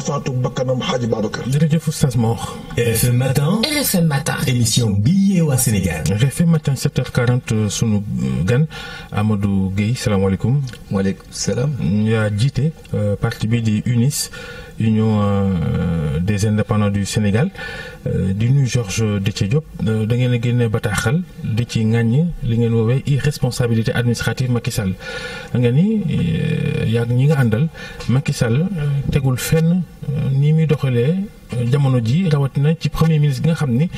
faatu bakkanam xaaji Babacar. jërëjëf Oustaz Mor. RFM matin. RFM matin. émission bi yee waa Sénégal. RFM matin 7h40 euh, sunu euh, gan Amadou Guèye salaamaaleykum. waaleykum salaam. yaa jiite euh, parti bi di UNIS. union euh, des indépendants du Sénégal euh, di nuyu Georges euh, Déthié Diop da ngeen a génne bataaxal di ci ŋàññ li ngeen woowee irresponsabilité administrative Macky Sall nga ni yàgg ñi nga àndal Macky Sall tegul fenn ni muy doxalee jamono ji na ci premier ministre bi nga xam ni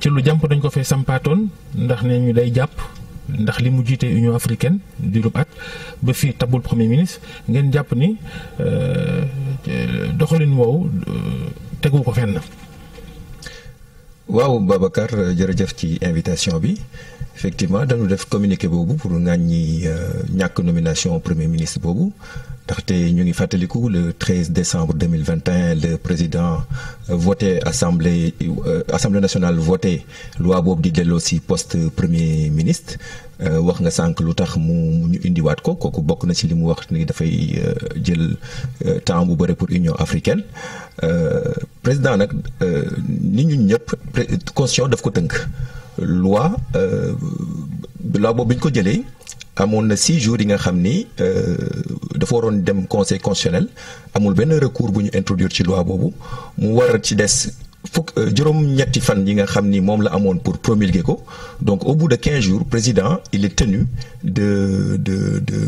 ci lu jàmp dañ ko fee sampaatoon ndax ne ñu day jàpp ndax li mu jiite Union africaine di rub at ba fii tabul premier ministre ngeen jàpp ni doxalin woowu euh, tegu ko fenn. waaw Babacar jërëjëf ci invitation bi effectivement dañu def communiqué boobu pour ñi euh, ñàkk nomination premier ministre boobu ndaxte ñu ngi fàttaliku le 13 décembre 2021 le président euh, voté assemblée euh, assemblée nationale voté loi boobu di delloo si post premier ministre wax nga sànq lu tax mu ñu indiwaat ko kooku bokk na ci li mu wax ni dafay jël temps bu bëri pour Union africaine président nag ni ñu ñëpp constitution daf ko tënk loi euh, loi boobu bi ñu ko jëlee amoon na six jours yi nga xam ni euh, dafa waroon dem conseil constitutionnel amul benn recours bu ñu introduire ci loi boobu mu war ci des fukk euh, juróom-ñetti fan yi nga xam ni moom la amoon pour promulguer ko donc au bout de quinze jours président il est tenu de de de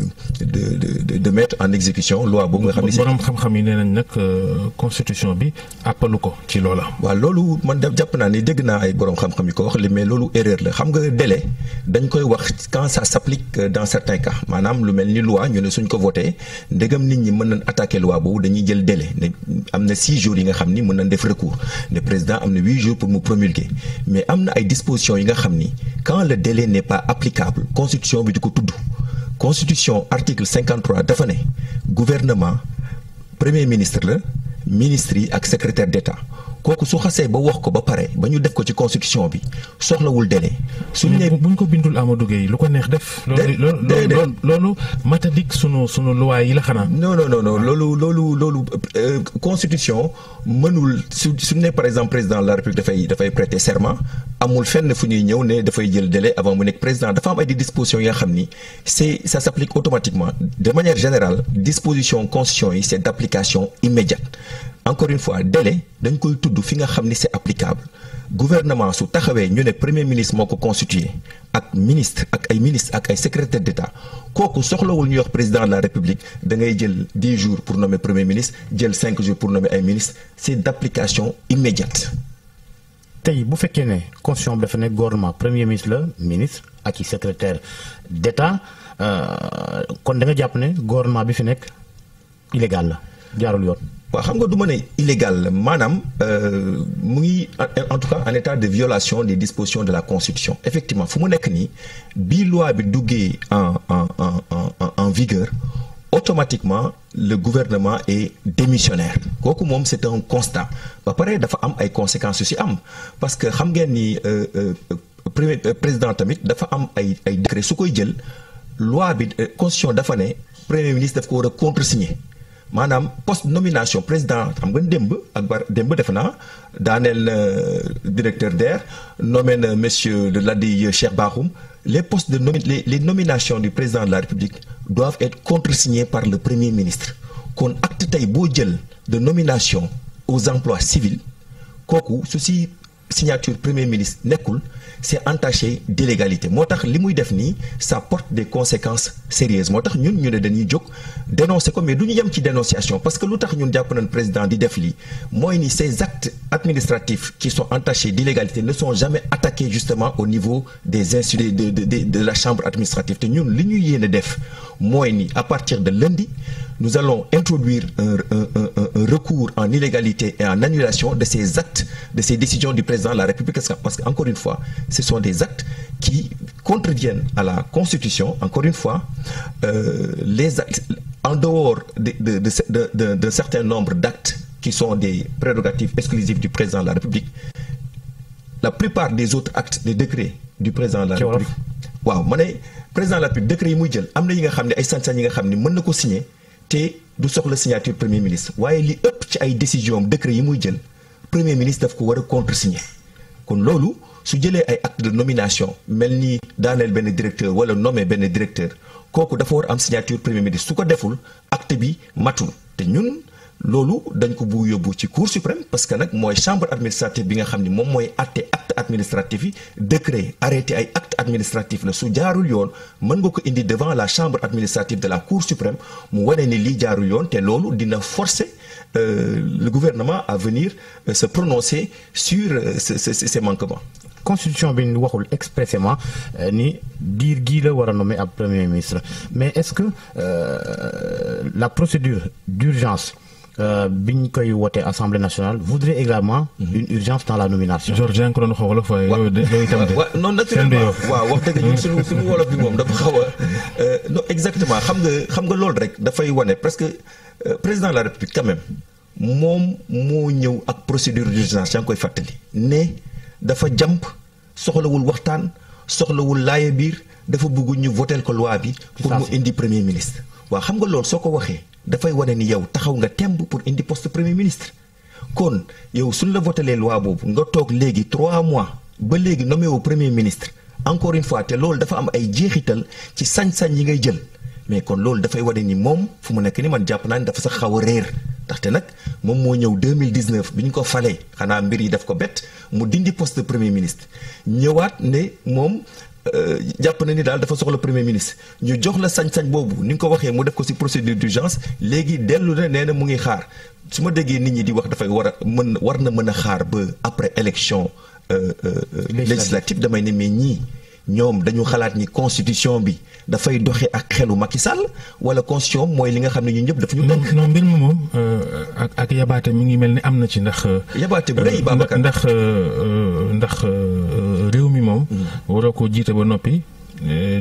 de de de mettre en exécution loi boobu nga xam ni. borom xam-xam yi nee nañ nag euh, constitution bi àppalu ko ci loola. waaw loolu man def jàpp naa ni dégg naa ay borom xam-xam ko wax mais loolu erreur la xam nga délai dañ koy wax quand ça s'applique euh, dans certains cas maanaam lu mel ni loi ñu ne suñ ko voté ndegam nit ñi mën nañ attaquer loi boobu dañuy jël délai ne am na six jours yi nga xam ni mën nañ def président am na huit jours pour mu promulguer mais am na ay dispositions yi nga xam ni quand le délai ne pas applicable constitution bi di ko tudd constitution article 53 dafa ne gouvernement premier ministre la ministre yi ak secrétaire d'État kooku su xasee ba wax ko ba pare ba ñu def ko ci constitution bi soxlawul délai. suñu nee bu ñu ko bindul Amadou yi lu ko neex def. dé loolu loolu matadik sunu sunu luwaay yi la xanaa. non non non loolu loolu loolu euh, constitution mënul su su ne par exemple président de la république dafay dafay prêter serment amul fenn fu ñuy ñëw ne dafay jël délai avant mu nekk président dafa am ay dispositions yoo xam ni c'est ça s'applique automatiquement de manière générale disposition yi c'est d'application immédiate. encore une fois délai dañ koy tudd fi nga xam ni c'est applicable gouvernement su taxawee ñu ne premier ministre moo ko constitué ak ministre ak ay ministre ak ay secrétaire d'État kooku soxlawul ñuy wax président de la république da ngay jël dix jour pour nommer premier ministre jël cinq jours pour nommer ay ministre c'est d'application immédiate. tey bu fekkee ne constitution bi dafa ne gouvernement premier ministre la ministre ak i secrétaire d'État euh, kon da nga jàpp ne gouvernement bi fi nekk illégal la jaarul yoon. waa xam nga du ma ne illégal maanaam euh, mu ngi en tout cas en état de violation des dispositions de la constitution effectivement fu mu nekk nii bi loi bi duggee en en en en en vigueur automatiquement le gouvernement est démissionnaire kooku moom c'est un constat ba pare dafa am ay conséquences yu si am parce que xam ngeen ni euh, euh, premier président tamit dafa am ay ay décret su koy jël loi bi constitution dafa ne premier ministre daf ko war a contresigner maanaam poste nomination président xam nga démb ak bar démb defe naa daaneel na euh, directeur DER nommé na monsieur de Ladi Cheikh Bakhoum les postes de nomi les, les nominations du président de la République doivent être contresignés par le premier ministre kon acte tey boo jël de nomination aux emplois civils kooku su signature premier ministre nekkul c'est entaché d'illégalité moo tax li muy def nii ça porte des conséquences sérieuses moo tax ñun ñu ne dañuy jóg dénoncer ko mais du ñu yem ci dénonciation parce que lu tax ñun jàpp nañ président di def lii mooy ni ces actes administratifs qui sont entachés d'illégalité ne sont jamais attaqués justement au niveau des instituts de de de la chambre administrative te ñun li ñu yéene def mooy ni à partir de lundi. nous allons introduire un, un, un, un, recours en illégalité et en annulation de ces actes, de ces décisions du président de la République. Parce qu'encore une fois, ce sont des actes qui contreviennent à la Constitution, encore une fois, euh, les actes, en dehors d'un de, de, de, de, certain nombre d'actes qui sont des prérogatives exclusives du président de la République, la plupart des autres actes, des décrets du président de la République. waaw ma ne président de la République décret yi muy jël am na yi nga xam ne ay sañ yi nga xam ne mën na ko signer te du soxla signature premier ministre waaye li ëpp ci ay décision am décret yi muy jël premier ministre daf ko war a contresigner kon loolu su jëlee ay acte de nomination mel ni daaneel benn directeur wala nome benn directeur kooku dafa war a am signature premier ministre su ko deful acte bi matul te ñun. loolu dañ ko bu yóbbu ci cour suprême parce que nag mooy chambre administrative bi nga xam ni moom mooy àtte acte administratif yi décret arrêté ay acte administratif la su jaarul yoon mën nga ko indi devant la chambre administrative de la cour suprême mu wane ni lii jaarul yoon te loolu dina forcer euh, lu gouvernement à venir euh, se prononcer sur euh, ces manquements constitution bi waxul expressément ni diir gii la war a nommer ab premier ministre mais est-ce que la procédure d'urgence Euh, bi ñu koy wootee assemblée nationale voudrait également. Mhm. une urgence dans la nomination. Georges ko doon xaw waaye yow itam de. waaw non naturellement waaw wax dëgg ñun suñu suñu wolof bi moom dafa xaw a euh, exactement xam nga xam nga loolu rek dafay wane presque euh, président de la république quand même moom moo ñëw ak procédure d'urgence yaa ngi koy fàttali. ne dafa jàmp soxlawul waxtaan soxlawul laaye biir dafa bëgg ñu votel ko loi bi. pour mu indi premier ministre. waaw xam nga soo ko waxee. dafay wane ni yow taxaw nga temb pour indi poste premier ministre kon yow suñ la votalee loi boobu nga toog léegi trois mois ba léegi nommé wu premier ministre encore une fois te loolu dafa am ay jeexital ci sañ-sañ yi ngay jël mais kon loolu dafay wane ni moom fu mu nekk ni man jàpp naa ni dafa sax xaw a réer ndaxte nag moom moo ñëw 2019 bi ñu ko falee xanaa mbir yi daf ko bett mu dindi poste premier ministre ñëwaat ne moom Euh, jàpp na ni daal dafa soxla premier ministre ñu jox la sañ-sañ boobu ni nga ko waxee mu def ko ci procédure d'urgence léegi dellu na nee na mu ngi xaar su ma déggee nit ñi di wax dafay war a mën war na mën a xaar ba après élection euh, euh, législative damay ne mais ñii ñoom dañu xalaat ñi constitution bi dafay doxe ak xelu Macky sàll wala constitution mooy li nga xam ne ñun ñëpp dafa ñu dënk. non mbir mi moom euh, ak ak yabaate mi ngi mel ni am na ci ndax. Euh, yabaate bu rëy euh, Babacar ndax ndax réew mi moom. Mm. waroo ko jiite ba noppi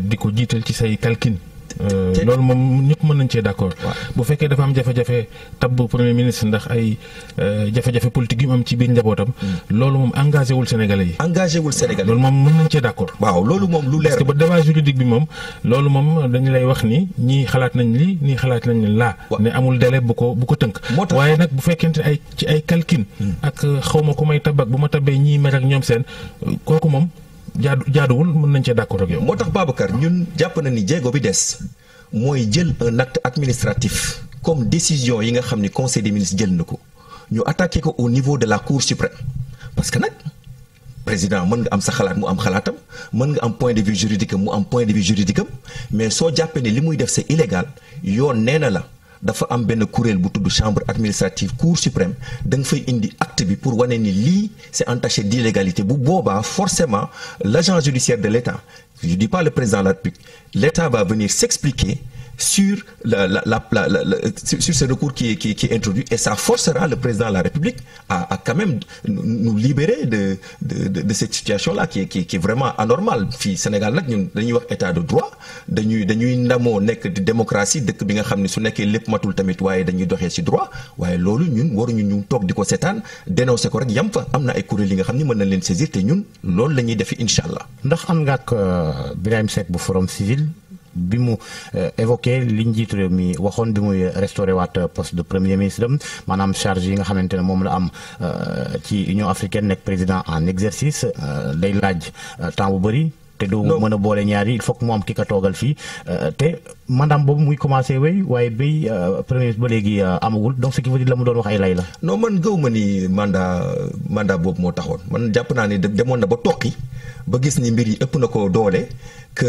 di ko jiital ci say calcul. Euh, loolu moom ñëpp mën nañ cee d'accord. bu fekkee dafa am jafe-jafe tabb premier ministre ndax ay euh, jafe-jafe politique yu am ci biir njabootam. Hmm. loolu moom engagé wul Sénégalais yi. engagé wul Sénégalais loolu moom mën nañ cee d'accord. waaw loolu moom lu leer parce que ba débat juridique bi moom loolu moom dañu lay wax ni ñii xalaat nañ lii ñii xalaat nañ laa. ne amul délai bu ko bu ko tënk. moo waaye nag bu fekkente ay ci ay calcul. Hmm. ak euh, xaw ma ku may tabak bu ma tabbee ñii mer ak ñoom seen kooku moom. jaadu jaaduwul mën nañ cee d'accord ak yow. moo tax Babacar ñun jàpp na ni jéego bi des mooy jël un acte administratif comme décision yi nga xam ni conseil des ministres jël na ko ñu attaqué ko au niveau de la cour suprême parce que nag président mën nga am sa xalaat mu am xalaatam mën nga am point de vue juridique am mu am point de vue juridique am mais soo jàppee ne li muy def sa illégal yoon nee na la. dafa am benn kuréel bu tudd chambre administrative cour suprême da nga fay indi act bi pour wane ni lii c'est entaché d'illégalité bu boobaa forcément l'agent judiciaire de l'État je dis pas le président de la République l'État va venir s'expliquer sur la, la, la, la sur ce recours qui est, qui, qui est introduit et ça forcera le président de la République à, à quand même de de de, de cette situation là qui est qui, qui vraiment anormale fii Sénégal nag ñun dañuy wax état de droit dañuy dañuy ndamoo nekk di démocratie dëkk bi nga xam ne su nekkee lépp matul tamit waaye dañuy doxee si droit waaye loolu ñun waruñu ñu toog di ko seetaan dénoncé ko rek yam fa am na ay kuréel yi nga xam ne mën na leen saisir te ñun loolu la ñuy defi incha allah. ndax am nga ak euh, Birahim Seck bu Forum Civil. bi mu eh, évoqué li njiitu réew mi waxoon bi muy restauré waat poste de premier ministre am maanaam charge yi nga xamante ne moom la am eh, ci Union africaine nekk président en exercice eh, day laaj temps bu bëri. te du mën a boole ñaari yi il faut que mu am ki ka toogal fii te mandaam boobu muy commencé wéy waaye bay premier ministre ba léegi amagul donc ce qui veut dire la mu doon wax ay lay la. non man gëw ma ni mandat manda boobu moo taxoon man jàpp naa ni demoon na ba toqi ba gis ni mbir yi ëpp na ko doole que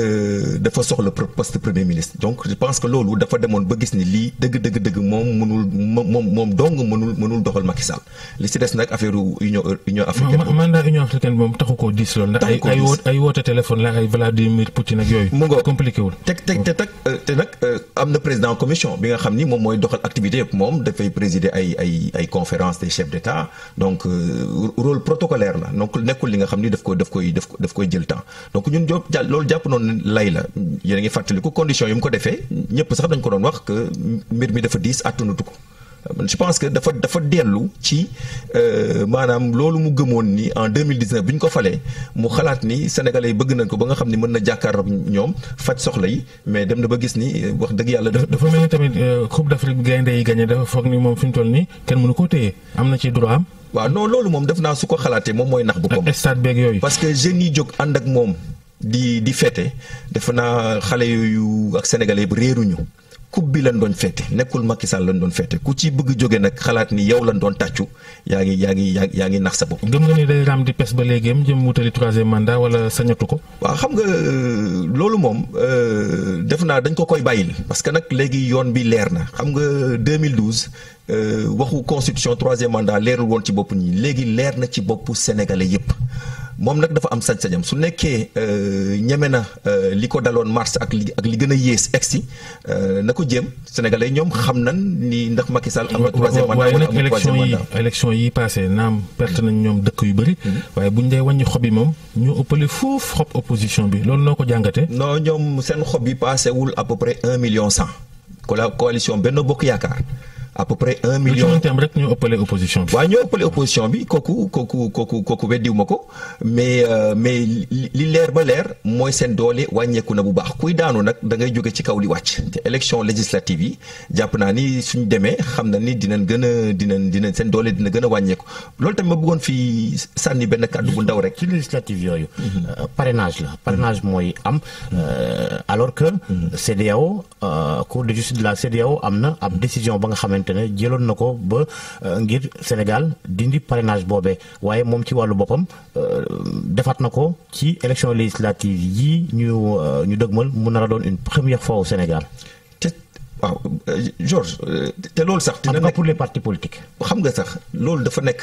dafa soxla poste premier ministre donc je pense que loolu dafa demoon ba gis ni lii dëgg dëgg dëgg moom mënul moom moom dong mënul doxal Macky Sall li si des nag affaire union union africaine. mandat union moom taxu koo diis lool. ndax ay ay ay woote téléphone la ay Vladimir Poutine ak yooyu. mu ngoog compliqué wul. teg teg te tag te nag euh, euh, am na président commission bi nga xam ni moom mooy doxal activité yëpp moom dafay présider ay ay ay conférence des chefs d' état donc euh, rôle la donc nekkul li nga xam ni daf ko daf koy ko. daf koy jël temps donc ñun jo jà loolu jàpp noonu lay la yéen a ngi fàttaliku condition yi mu ko defee ñëpp sax dañ ko doon wax que mbir mi dafa diis àttunatu ko je pense que dafa dafa dellu ci euh, maanaam loolu mu gëmoon ni en deux 2019 bi ñu ko falee mu xalaat ni sénégalais yi bëgg nañ ko ba nga xam ni mën na jàkkaarloo ñoom faj soxla yi mais dem na ba gis ni euh, wax dëgg yàlla. dafa mel ni tamit euh, Coupe d'Afrique bi gaynde yi gagné dafa foog ni moom fi ñu toll nii kenn mënu ko téye am na ci droit am. waaw non loolu moom def naa su ko xalaatee moom mooy nax bu ko. stade beeg yooyu. parce que jeunes yi jóg ànd ak moom di di fête defe naa xale yooyu ak sénégalais yëpp réeruñu. coupe bi lañ doon féete nekkul Macky Sall lañ doon féete ku ci bëgg jóge nag xalaat ni yow lañ doon tàccu yaa ngi yaa ngi yaa yaa ngi nax sa bopp. gëm nga ni day raam di pes ba léegi am jëm wutali troisième mandat wala sañatu ko. waa xam nga euh, loolu moom euh, def naa dañ ko koy bàyyil parce que nag léegi yoon bi leer na xam nga 2012. Euh, waxu constitution troisième mandat leerul woon ci bopp ñi léegi leer na ci bopp sénégalais yépp moom nag dafa am sañ-sañam su nekkee euh, ñeme na euh, li ko daloon mars ak li ak li gën a yées egsi euh, na ko jéem sénégalais ñoom xam nan ni ndax Macky Sall am na troisième mandat waaye nag élection yi élection yi passé naam perte nañ ñoom dëkk yu bëri mhm. waaye buñ dee waññi xob yi moom ñu ëppale foofu xob opposition bi loolu noo ko jàngatee non ñoom seen xob yi passé wul à peu près un million cent ko la coalition Benno Bokk Yaakaar à peu près un million lu ci mën rek ñoo ëppale opposition bi. waaw ñoo kooku kooku kooku kooku weddiwu ma ko euh, mais li leer ba leer mooy seen doole wàññeeku na bu baax kuy daanu nag dangay ngay jóge ci kaw li wàcc te élection législative yi jàpp naa ni suñ demee xam na ni dinañ gën a dinañ dinañ seen doole dina gën a wàññeeku loolu tamit ma bëggoon fi sànni benn kàddu bu ndaw rek. ci yooyu. Mhm. Euh, parrainage la parrainage mhm. mooy am euh, alors que mhm. CEDEAO cour de justice de la CEDEAO am na ab décision ba nga xamante xamante ne jëloon na ko ba euh, ngir Sénégal dindi parrainage boobee waaye moom ci wàllu boppam euh, defaat na ko ci élection législative yii ñu euh, ñu dëgmal mu nar a doon une première fois au Sénégal. waaw Georges te loolu sax. dina nekk pour les partis politiques. xam nga sax loolu dafa nekk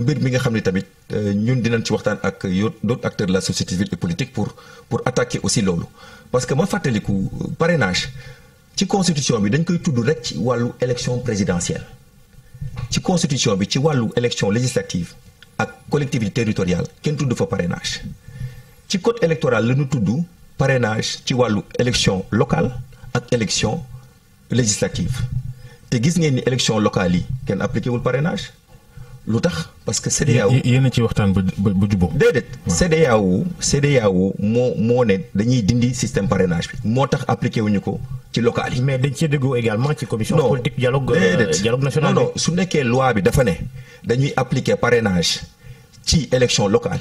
mbir mi nga xam ne tamit ñun dinañ ci waxtaan ak yo d'autres acteurs la société civile et politique pour pour attaquer aussi loolu parce que ma fàttaliku parrainage. ci constitution bi dañ koy tudd rek ci wàllu élection présidentielle ci constitution bi ci wàllu élection législative ak collectivité territoriale kenn tudd fa parrainage ci code électoral la ñu tudd parrainage ci wàllu élection locale ak élection législative te gis ngeen ni élection locale yi kenn appliqué wul parrainage lu tax parce que CEDEAO yéen ci waxtaan ba ba jubóo. déedéet CEDEAO CEDEAO moo moo ne dañuy dindi système parrainage bi. moo tax appliqué wuñu ko ci local yi. mais dañ cee déggoo également ci commission. politique dialogue euh, dialogue national non non su nekkee loi bi dafa ne dañuy appliqué parrainage ci élection locale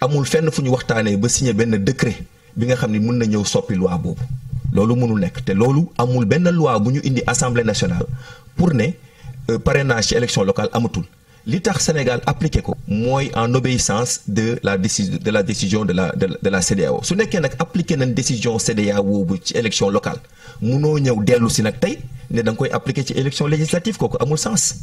amul fenn fu ñu waxtaanee ba signé benn décret bi nga xam ni mën na ñëw soppi loi boobu loolu mënul nekk te loolu amul benn loi bu ñu indi assemblée nationale pour ne euh, parrainage ci élection locale amatul. li tax Sénégal appliqué ko mooy en obéissance de la décision de la décision de la de de la CEDEAO su nekkee nag appliqué nañ décision CEDEAO boobu ci élection locale munoo ñëw dellu si nag tey ne da koy appliqué ci élection législative kooku amul sens.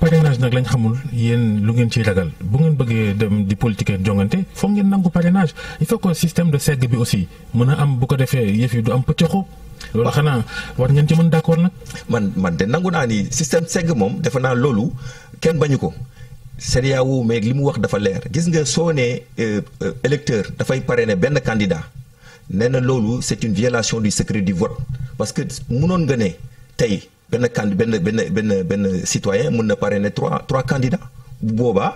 parrainage nag lañ xamul yéen lu ngeen ciy ragal bu ngeen bëggee dem di politique jongante foog ngeen nangu parrainage il faut que système de segg bi aussi mën a am bu ko defee yëf yi du am pëccëxu. loolu xanaa war ngeen ci mën d'accord nag. man man de nangu naa ni système segg moom defe naa loolu. kenn bañu ko CEDEAO meeg li mu wax dafa leer gis nga soo nee euh, électeur dafay pare parrainer benn candidat nee na loolu c'est une violation du secret du vote parce que munoon nga ne tey benn can benn benn benn benn citoyen mun na parrainer trois trois candidats bu boobaa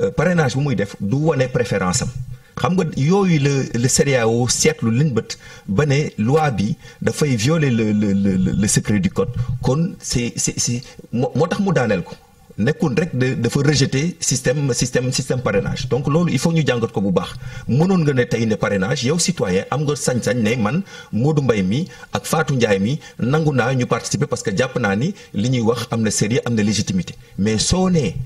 euh, parrainage bu muy def du wane préférence am xam nga yooyu la le CEDEAO seetlu liñ bët ba ne loi bi dafay violer le le le le du code kon si c'est c'est moo tax mu daaneel ko. nekkul rek de dafa rejeter système système système parrainage donc loolu il faut ñu jàngat ko bu baax mënoon nga ne tey ne parrainage yow citoyen am nga sañ-sañ ne man Modou mbay mi ak faatu Ndiaye mi nangu naa ñu participer parce que jàpp naa ni li ñuy wax am na sérieux am na légitimité mais soo nee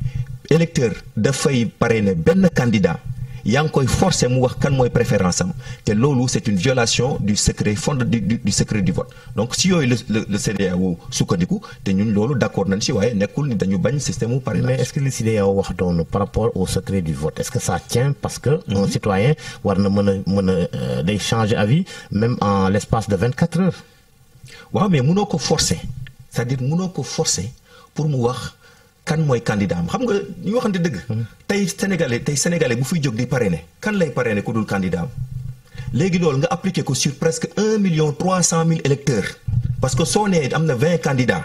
électeur dafay ne benn candidat yaa ngi koy forcer mu wax kan mooy préférence am te loolu c'est une violation du secret fond du, du, du secret du vote donc si yooyu la la CEDEAO sukkandiku te ñun loolu d'accord nañ ci waaye nekkul ni dañu bañ système mu parrainage. mais est-ce que li CEDEAO wax doon par rapport au secret du vote est-ce que ça tient mm-hmm. war na mën a mën a euh, day changer avis même en l'espace de vingt quatre heures. waaw mais mënoo ko forcer cest dire mënoo ko forcer pour mu wax. kan mooy candidat am xam nga ñu waxante dëgg. Hmm. tey sénégalais tey sénégalais bu fiy jóg di parrainer kan lay parrainer ku dul candidat am léegi loolu nga appliqué ko sur presque un million trois cent mille électeurs parce que soo nee am na vingt candidats.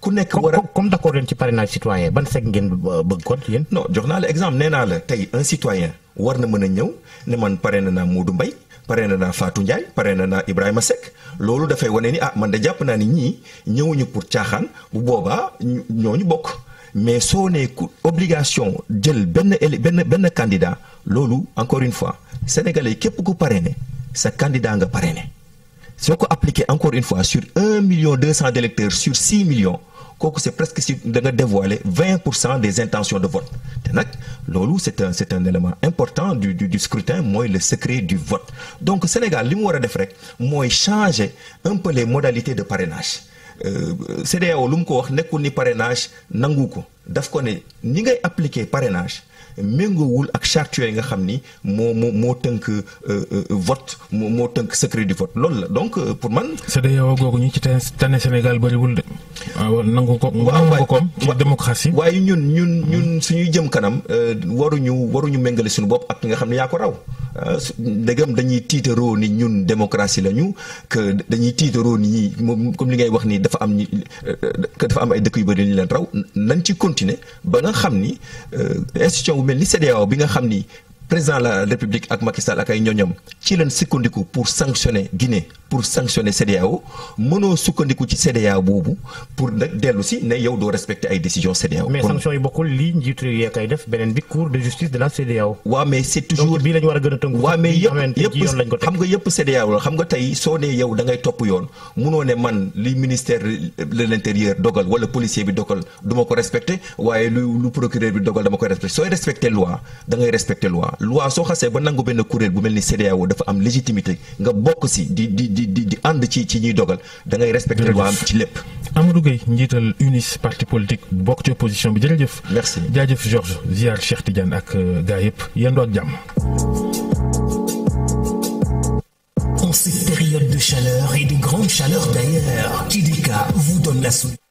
ku nekk war a comme d'accord leen ci parrainage citoyen ban seg ngeen bëgg kon yéen. non jox naa la exemple nee naa la tey un citoyen war na mën a ñëw ne man parrainé naa Modou Mbaye parrainé naa Fatou Ndiaye parrainé naa Ibrahima Seck loolu dafay wane ni ah man da jàpp naa ni ñii ñëwuñu pour caaxaan bu boobaa ñooñu bokk. mais soo nee obligation jël benn benn benn candidat loolu encore une fois sénégalais képp ku parrainé sa candidat nga parrainé soo ko appliqué encore une fois sur un million deux cent d'électeurs sur six millions kooku c'est presque si da nga dévoiler vingt pour cent des intentions de vote te nag loolu c'est un c'est un élément important du du, du scrutin mooy le secret du vote donc Sénégal li mu war a def rek mooy changer un modalité les modalités de parrainage Euh, CEDEAO lu mu ko wax nekkul ni parrainage nangu ko daf ko ne ni ngay appliquer parrainage méngoowul ak charte yooyu nga xam ni moo moo moo tënk euh, euh, vote moo moo tënk secret du vote loolu la donc euh, pour man. CEDEAO googu ñu ci tane Sénégal bëriwul de. Ah, waaw nangu ko nangu ko koom ci démocratie. waaye ñun ñun ñun suñuy jëm kanam waruñu waruñu méngale suñu bopp ak ki nga xam ne yaa ko raw ndegam dañuy tiitaroo ni ñun démocratie la ñu que dañuy tiitaroo ni moom comme li ngay wax nii dafa am dafa am ay dëkk yu bëri ñu leen raw nañ ci continuer continuer ba nga xam ni euh, institution bu mel ni CEDEAO bi nga xam ni président la république ak Macky Sall ak ay ñoñom ci leen sukkandiku pour sanctionner Guinée pour sanctionner CEDEAO mënoo sukkandiku ci CEDEAO boobu pour nag dellu si ne yow doo respecter ay décision CEDEAO. mais sanctions yi bokkul lii njiitu yee kay def bi cour de justice de la CEDEAO. waaw mais c'est toujours donc bii la ñu war a gën a tënku. waaw mais yëpp yëpp xam nga yëpp CEDEAO la xam nga tey soo nee yow da ngay topp yoon munoo ne man li ministère de l'intérieur dogal wala policier bi dogal duma ko respecter waaye lu lu procureur bi dogal dama koy respecter sooy respecter loi da ngay respecter loi. loi soo xasee ba nangu benn kuréel bu mel ni CEDEAO dafa am légitimité nga bokk si di di di di di ànd ci ci ñuy dogal dangay ngay respecter am ci lépp. Amadou Gueye njiital UNIS parti politique bokk ci opposition bi jërëjëf. merci jaajëf Georges ziar Cheikh Tidiane ak euh, gaa yëpp yendoo ak jàmm. En cette